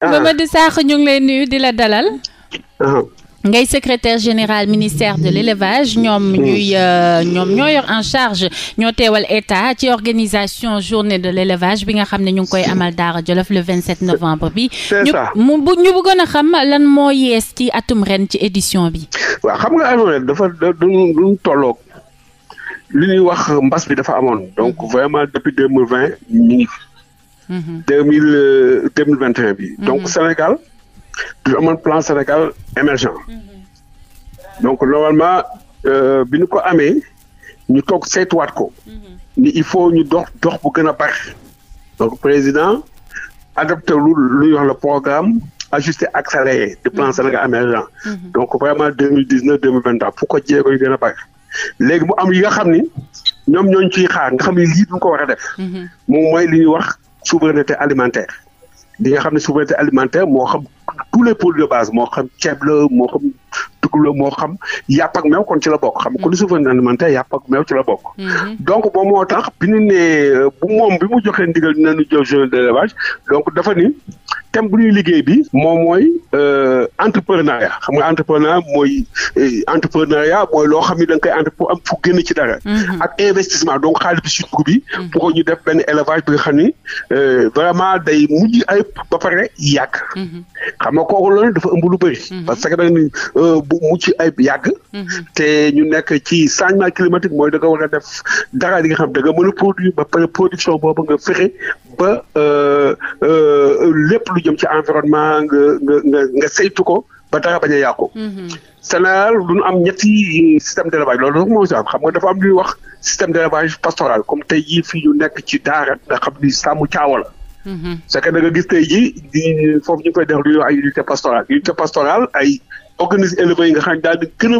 Ah. Mamadou Sakho ñu ngi lay nuyu di la dalal. Ah. ngay secretaire général ministère de l'élevage ñoom mm. ñuy euh, ñoom ñoo yor en charge ñoo teewal état ci organisation journée de l'élevage bi nga xam ne ñu ngi koy amal Daara Jolof le 27 novembre bi ñu bu ñu bëggoon a xam lan moo yees ci atum ren ci édition bi waaw xam nga atum dafa duñ duñ tolloog li ñuy wax mbas bi dafa amoon donc mm. vraiment depuis Mm-hmm. deux mille euh, deux mille vingt et bi. Mm-hmm. donc Sénégal du amoon plan Sénégal émergent. Mm-hmm. donc normalement euh, bi ñu ko amee ñu toog saytuwaat ko. ni il faut ñu dox dox bu gën a bari. donc président adopté lu lu ñuy wax le programme. ajusté accéléré du plan Sénégal émergent donc vraiment deux mille dix neuf deux mille vingt pour ko jéego yu gën a bari léegi mu am yi xam ni ñoom ñooñu ciy xaar nga xam ni lii duñ ko war a def moom mooy li ñuy wax souveraineté alimentaire li nga xam ne souveraineté alimentaire moo xam tous les produits de base moo xam ceeb la moo xam dugub la moo xam yàpp meew kon ci la bokk xam nga kon mm-hmm. souveraineté alimentaire yàpp ak meew ci la bokk mm-hmm. donc boo moo tax bi ñu ne bu moom bi mu joxee ndigal donc dafa thème bu ñuy liggéey bi moom mooy euh, entrepreneuriat xam nga entrepreneuriat mooy euh, entrepreneuriat mooy loo xam ni da koy entre pour am fu génn ci dara. Mm-hmm. ak investissement donc xaalis bi si bi. Mm-hmm. pour ñu def benn élevage bi nga xam ni euh, vraiment day mujj ayib ba pare yàgg. Mm-hmm. xam nga kooku loolu dafa ëmb lu bëri. parce que da ni bu mucc ayib yàgg. te ñu nekk ci changement climatique mooy da nga a def dara li nga xam da nga mën a ba pare production boobu nga fexe. ba euh, euh, lépp lu jëm ci environnement nga nga saytu ko ba dara bañ a yàqu. Mhm. Sénégal du am ñetti système d'élevage loolu moom sax xam nga dafa am luy wax système d'élevage pastoral comme tey jii fii ñu nekk ci daara nga xam ni sàmm caawa la. Mhm. c'est que gis tey jii ñu koy def lu ay unité pastorale unité pastorale ay organismes éleveurs yi nga xam daal di gën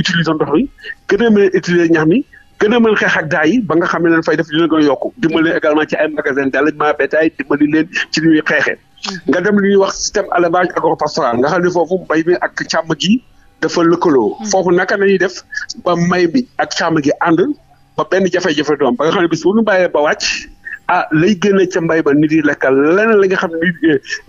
utiliser ndox mi gën a utiliser ñax mi. gën a mën xeex ak daa yi ba nga xam ne leen fay def dina gën a yokku dimbali leen également ci ay magasin d'allaitement bétail dimbali leen ci ñuy xeexee mm-hmm. nga dem li ñuy wax système élevage agropastoral nga xam ne foofu mbay mi ak càmm gi dafa lëkkaloo mm-hmm. foofu naka nañuy def ba may bi ak càmm gi ànd ba benn jafe-jafe doom ba nga xam ne bis bu ñu bàyyee ba wàcc a ah, lay génne ca mbay ba nit yi lekkal leneen la nga xam ni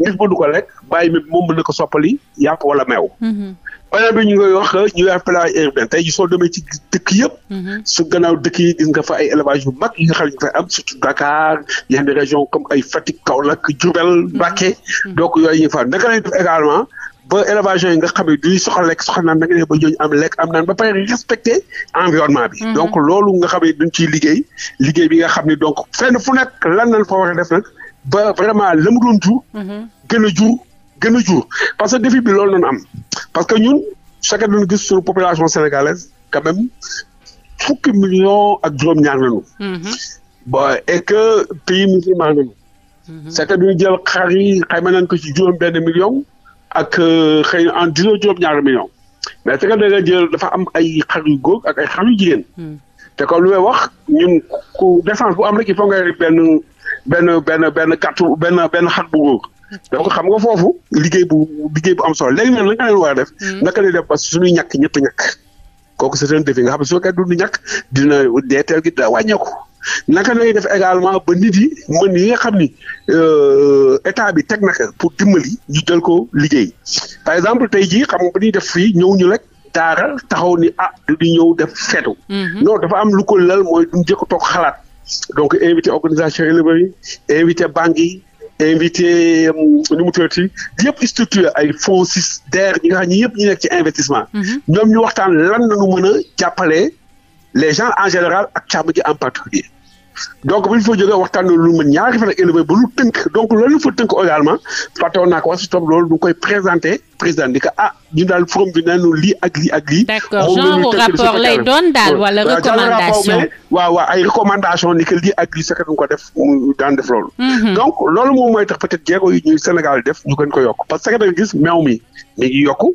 nit ba du ko lekk bàyyi mi moom mën na ko soppali yàpp wala meew. Mm-hmm. beneen bi ñu ngi wax ñu ngi pélage urbain tey soo demee ci dëkk yëp mm-hmm. su gannaaw dëkk yi gis nga fa ay élevage yu mag yi nga xam am surtout Dakar yenn région comme ay Fatick Kaolack Diourbel mm-hmm. Mbacké donc yooyu ñu fa naka lañ également. ba élevage yi nga xam ne duy soxla lekk soxla naan da nga ne ba ñooñu am lekk am naan ba pare respecter environnement bi. Mhm. donc loolu nga xam ne duñ ciy liggéey bi nga xam ne donc fenn fu nekk lan lañ fa war a def nag ba vraiment la mu doon jur. Mhm. gën a jur gën a parce que défi bi lool noonu am parce que ñun chaque dañu gis suñu population sénégalaise quand même fukki million ak juróom-ñaar lañu. Mhm. ba et que pays musulman lañu. c'est que duñu jël xar yi xayma nañ ko ci juróom benn million. ak euh, xëy na en dina juróom ñaar millions mais te kat da a jël dafa am ay xar yu góor ay xar yu jigéen. Hmm. te comme lu may wax ñun ku décence bu am rek il faut ngay benn benn benn benn benn benn xar bu góor. donc xam nga foofu liggéey bu liggéey bu am solo léegi nag la nga leen def. Hmm. naka lay def parce que suñuy ñàkk ñëpp ñàkk. kooku c'est un défi nga xam ne su fekkee dund ñàkk dina deeteel gi da wàññeeku. naka lay def également ba nit yi mën yi xam ni euh, état bi teg naka pour dimali ñu jël ko liggéey par exemple tey jii xam nga ni def fii ñëw ñu rek daara taxaw ni ah du ñëw def seetu. Mhm. non dafa am lu ko lal mooy duñ jëkk toog xalaat donc invité organisation éleveurs yi invité banque yi invité nu mu tuddati yëpp structure ay fonds sis DER ñi nga xam ñi yëpp ñu nekk ci investissement mhm. ñoom ñu waxtaan lan lañu mën a jàppale les gens en général ak càmm ji en particulier donc bu ñu fa jógee waxtaan lu mën ñaari fan ak élevé bu lu tënk donc loolu fa tënk également fàttewoon naa ko wax si topp lool du koy présenté président di ko ah daal forum bi nañu lii ak lii ak lii. d'accord genre rapport lay doon wala recommandation. waaw waaw ay recommandation ni que ak lii sax ko def mu daan def loolu. Mhm. donc loolu moom mooy tax peut-être jéego yi ñuy Sénégal def ñu gën yokk parce que da nga gis meew mi mi ngi yokku.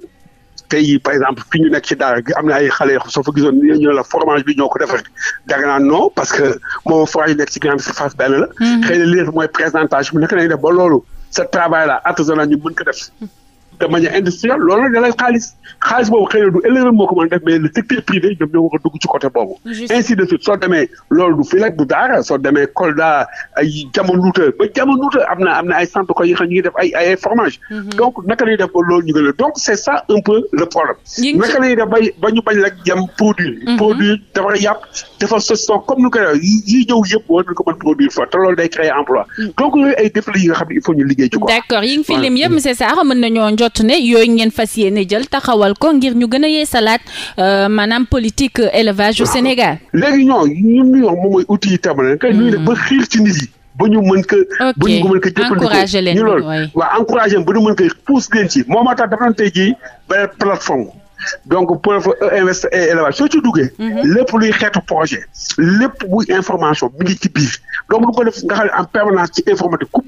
tey jii par exemple fi ñu nekk ci daara gi am na ay xale yoo soo fa gisoon ñu ne la fromage ñoo ko defar da nga naan non parce que moo fromage nekk ci ginnaaw surface benn la. Mm-hmm. mooy présentation bi naka la def ba loolu ce travail là artisanal ñu mën ko def. de manière industrielle loolu da lay xaalis xaalis boobu xëy du éleveur moo ko mën def mais le secteur privé ñoom ñoo a boobu. ainsi de suite soo demee loolu du filek du daara soo demee Kolda ay jamanuuta am na am na ay centre ko yi nga naka la ñuy def ba a donc c' bañ rek jëm produit. Mhm. produit dafa yàpp dafa soston comme ni ko yi yi ñëw yëpp war nañu ko mën produire fa te loolu day créer emploi mhm. donc yi nga xam ne il faut ñu liggéey ci jot ne yooyu ngeen fas yéene jël taxawal ko ngir ñu gën a yeesalaat euh, maanaam politique euh, élevage au Sénégal. léegi ñoo ñun ñu wax moom mooy outil yi tamit kay ñu ne ba hmm. xiir ci nit yi. ba ñu mën ko. ba ñu mën ko jëfandikoo ñu loolu. waaw encouragé leen ba ñu mën ko pousse leen ci. moo ma tax dafa doon tey donc pour investir et élevage ci duggee. Mhm. lépp luy xeetu projet. lépp buy information mi ngi donc lu ko def nga xam ne en permanence ci informatique ku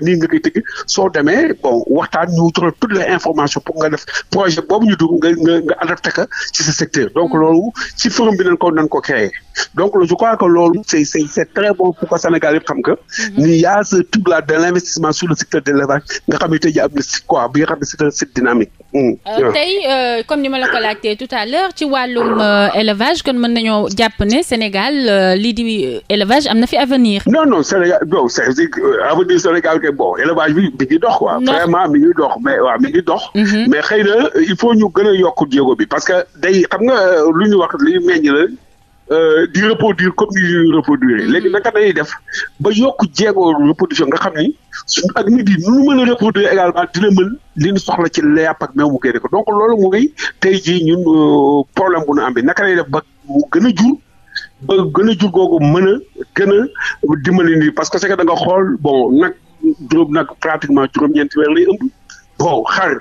nii nga soo demee bon waxtaan ñu tural les informations nga def projet boobu ñu dugg nga nga secteur donc mhm. loolu ci forum bi nañ ko nañ ko créé donc je xam que. Mhm. ni y nga am na si quoi bi xam ne c'est un dynamique. Euh, tey euh, comme ni ma la ko laajtee tout à l'heure ci wàllum euh, élevage kon mën nañoo jàpp ne Sénégal lii di élevage am na fi avenir. non non Sénégal bon c' avenir Sénégal kay bon élevage bi mi ngi dox quoi. vraiment mi dox mais waaw dox. Mhm. mais xëy na il faut ñu gën a yokk jéego bi parce que day xam nga lu ñu wax li meññ Euh, di reproduire comme ni ñuy reproduire léegi hmm. naka dañuy def ba yokk jéego reproduction nga xam ni suñu ak nit yi nu mën a reproduire également dina mën li ñu soxla ci lépp ak même mu génne ko donc loolu mooy tey jii ñun euh, problème bu ñu am bi naka lay def ba mu gën a jur. gën a jur googu mën a gën a dimbali parce que c'est que da nga xool bon nag juróom nag pratiquement juróom-ñeenti weer lay ëmb bon xar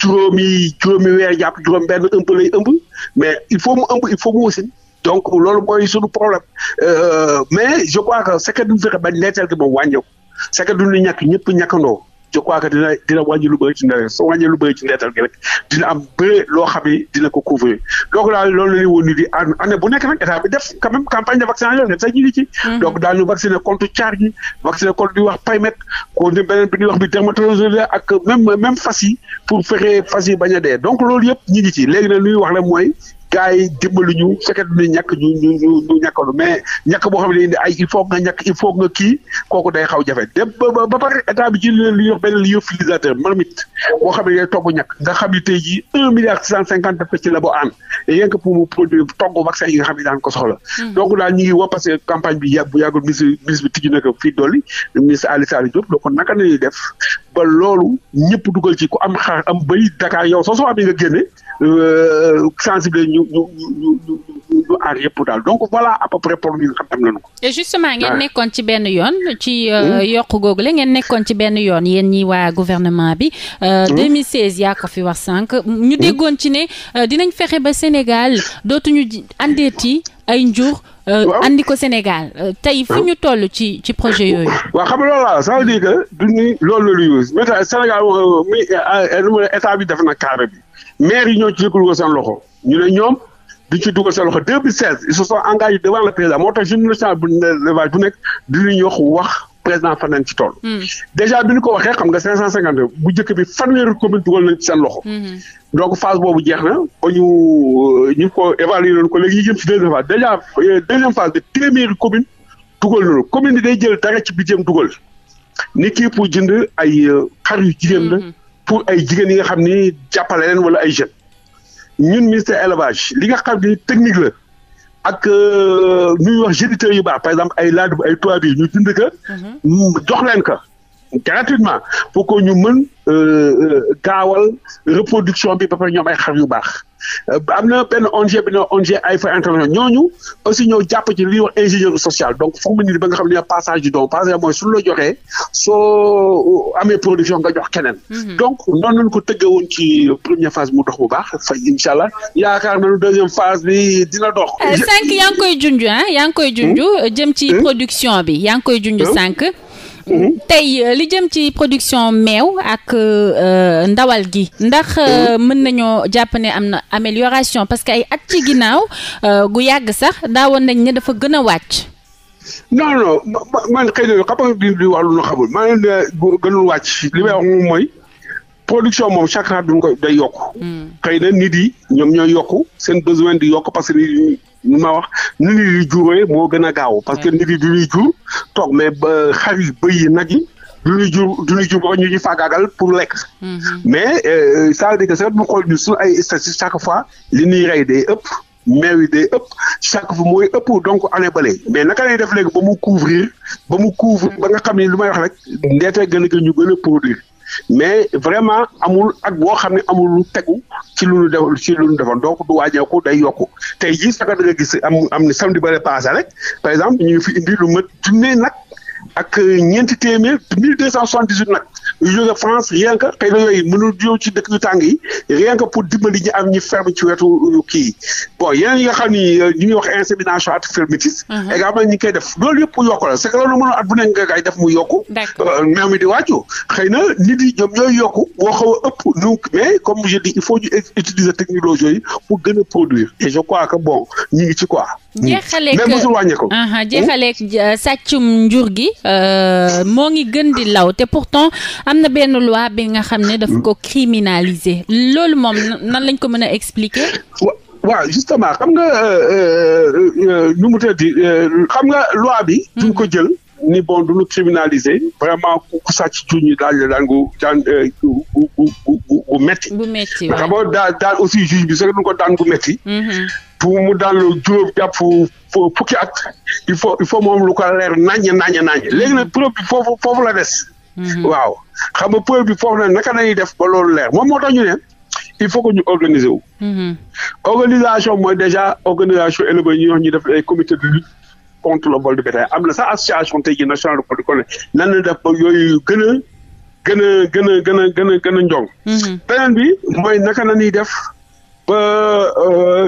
juróomi juróomi weer jàpp juróom benn ëmb lay ëmb mais il faut mu ëmb il faut mu donc loolu mooy suñu problème euh, mais je crois que c'est que duñ fexe ba netteel gi moom wàññeeku c'est que duñu ñàkk ñëpp ñàkkandoo je crois que dina dina wàññi lu bëri ci ndeetal soo rek dina am bëre loo xam ni dina ko couvrir donc daal loolu la ñuy woon ni di année bu nekk nag état bi def quand même ngi ci mm-hmm. donc daal ñu vacciner wax paymètre contre di beneen bi ñuy wax bi dermatologie ak même même fas yi pour fexe fas yi bañ a dee donc loolu yëpp ñu ngi ci léegi nag lu wax la mooy gars yi dimbali ñu su fekkee ne ñu ñu ñu ñàkkalu mais ñàkk boo xam ne ay il faut nga ñàkk il faut nga kii kooku day xaw jafe dem ba ba pare état bi ci li ñuy benn lyophilisation marmite boo xam ne day togg ñàkk nga xam ne un milliard cent cinquante def ko ci labo aan rien que pour mu produire togg vaccin yi nga xam ne daan ko soxla. Hmm. donc daal ñu ngi woo campagne bi yàgg bu yàggul bi tijji na ko fii dolli ministre Aly Saleh Diop donc naka la def. ba loolu ñëpp dugal ci ku am xar am bëy Dakar yow soo soo amee nga génne euh, sensible ñu aar yëpp daal donc wala à peu près pour xam tam ko. et justement ngeen ah. nekkoon ci benn yoon. ci euh, hmm? yokk googu la ngeen nekkoon ci benn yoon yéen ñi waa gouvernement bi. 2016 euh, hmm? yaa ko fi wax sànq. ñu hmm? déggoon ci ne dinañ fexe ba Sénégal dootuñu àndeeti ay njur. Euh, andi ko Sénégal euh, tey fu ñu toll ci ci projet yooyu. waaw xam nga loolu laa ça veut dire que duñu loolu la ñuy mais Sénégal euh, mi état bi def na carré bi maire yi ñoo ci yëkkul seen loxo ñu ne ñoom. du ci dugal seen loxo 2016 ils se sont engagés devant le président moo tax jeune national bu ne élevage bu nekk dinañ wax président fan nañ ci tool hmm. déjà bi ñu ko waxee cinq nga 550 bu njëkk bi fanweeri commune dugal nañ ci seen loxo. Hmm. donc phase boobu jeex na ba ñu euh, ñu ko évaluer woon ko léegi ñu jëm ci deuxième phase déjà euh, deuxième phase de commune dugal nañu commune bi day jël dara ci budget dugal ni kii pour jënd ay euh, xar yu jigéen la. Hmm. pour ay jigéen yi nga xam ni jàppale leen wala ay jeunes. ñun ministère élevage li nga xam ni technique la. ak euh, ñuy wax géniteurs yi baax par exemple ay laaj ay toit bi ñu jënd ka. Mhm. jox leen ka gratuitement pour ko ñu mën euh, euh, gaawal reproduction bi ba pare ñoom ay xar yu baax euh, am na benn ONG bi ne ONG Aifa International ñooñu aussi ñoo jàpp ci li ñuy wax ingénieur social donc foog nit ba nga xam ne passage du don passage mooy suñu la joxee soo amee production nga jox keneen. Mhm. donc noonu lañ ko tëggee woon ci première phase mu dox bu baax fa incha allah yaakaar nañu deuxième phase bi dina dox. sànq yaa koy junj ah yaa ngi koy junj. Hmm? jëm ci hmm? production bi yaa ngi koy junj sànq. Hmm? Mhm. tey euh, li jëm ci production meew ak euh, ndawal gi ndax euh, mhm. mën nañoo jàpp ne am na amelioration parce que ay at ci ginnaaw gu yàgg sax daawoon nañ ne dafa gën a wàcc. non non man xëy na xam nga di lu ñu xamul man gënul wàcc li may moom mooy. production moom chaque année duñ da day yokk. Hmm. xëy na nit yi ñoom ñooy yokk seen besoin di yokk parce que nit ñu ma wax nit yi di moo gën gaaw parce que nit yi hmm. du ñuy toog mais ba xar yi bëy yi nag yi du ñuy jur du ba ñu ñuy faagaagal pour lekk. Hmm. mais euh, ça veut dire que sax bu xool ñu suñu ay statistiques chaque fois li ñuy rey day ëpp. meew de ëpp chaque fois mooy ëpp donc année bale mais naka lay def léegi ba mu couvrir ba mu couvrir ba nga xam ne lu may wax rek ndeetee gën a gën ñu gën a produire mais vraiment amul at boo xam ne amul tegu ci lu ñu def ci lu ñu defoon donc du wàññeeku day yokku tey jii sax da nga gis am am ni samedi bële passé rek par exemple ñu fi indi lu mat junne nag. ak euh, ñeenti téeméer mille deux cent soixante dix huit nag yu jóge France rien que xëy na yooyu ci dëkk yu tàng yi rien que pour dimbali ñi am ñi ferme ci wetu euh, kii bon yeneen yi nga xam ni euh, ñu ngi wax insémination artificielle métis mhm. également ñi ngi koy def loolu yëpp yokku la c'est que loolu mënul at bu nekk nga kay def mu yokku meew mi di wàccu xëy na nit yi ñoom ñooy yokk moo xaw a ëpp donc mais comme je dis il faut ñu utiliser technologie yi pour gën produit et je crois que bon ñi ngi ci quoi Hmm. jeexaleeg même mosul wàññeeku. Hmm? jeexaleeg sàccum njur gi euh, moo ngi gën di law te pourtant am na benn loi bi nga xam ne daf hmm? ko criminaliser loolu moom nan lañ ko mën a expliquer. waaw justement xam nga euh, euh, nu mu tëddi xam nga loi bi. duñ ko jël. ni bon du ñu criminaliser vraiment ku sàcc jur ñi daal daan gu daan gu gu gu gu metti. bu metti waaw xam nga daal aussi juge bi sax du ko daan gu metti. pour mu dal juróom jàpp fukki at il faut il faut moom lu ko leer naññ naññ naññ mm-hmm. léegi nag preuve bi foofu foofu la des. Mm-hmm. waaw xam nga preuve la naka lañuy def ba loolu leer moom moo tax ñu ne il faut que ñu organiser wu. Mm-hmm. organisation mooy déjà organisation éleveurs ñu def ay comité de de bétail de protocole nan la def ba yooyu gën a gën a gën a gën a a gën a njong. beneen bi mooy naka la ñuy def. ba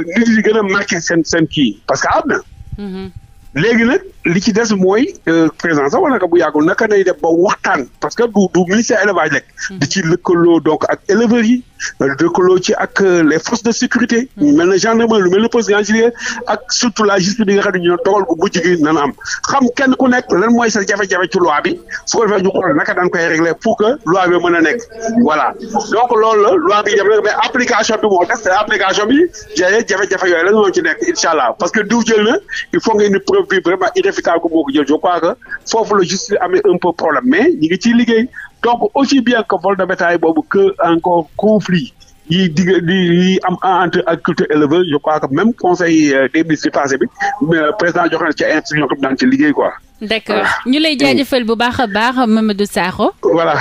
nit euh, yi gën a marqué seen seen kii parce que am na. Mm-hmm. léegi nag li ci des mooy euh, président sax wala nga bu yàggul naka nay def ba waxtaan parce que du du ministère élevage rek. Mm-hmm. di ci lëkkaloo donc ak éleveurs yi. lëkkaloo ci ak euh, les forces de sécurité. ñu mm-hmm. mel ne gendarmerie lu mel ne poste d'engineer ak surtout la justice bi nga xam ne ñu doon dogal bu mujj gi nan xam kenn ku nekk lan mooy sa jafe-jafe ci loi bi su ko defee naka daan koy régler pour que loi bi mën a nekk voilà donc loolu la loi bi jafe mais application bi moo application bi jafe-jafe yooyu lan moo ci nekk incha syndicat ko moo je crois que foofu la justice amee un peu problème mais ñi ngi ciy donc aussi bien que vol de bétail boobu que encore conflit yi di yi am entre agriculteur éleveur je crois que même conseil euh, des ministres passé bi président joxe na ci institution comme daan ci liggéey quoi. d'accord ñu lay mm. jaajëfal bu baax a baax Mamadou Sakho. voilà.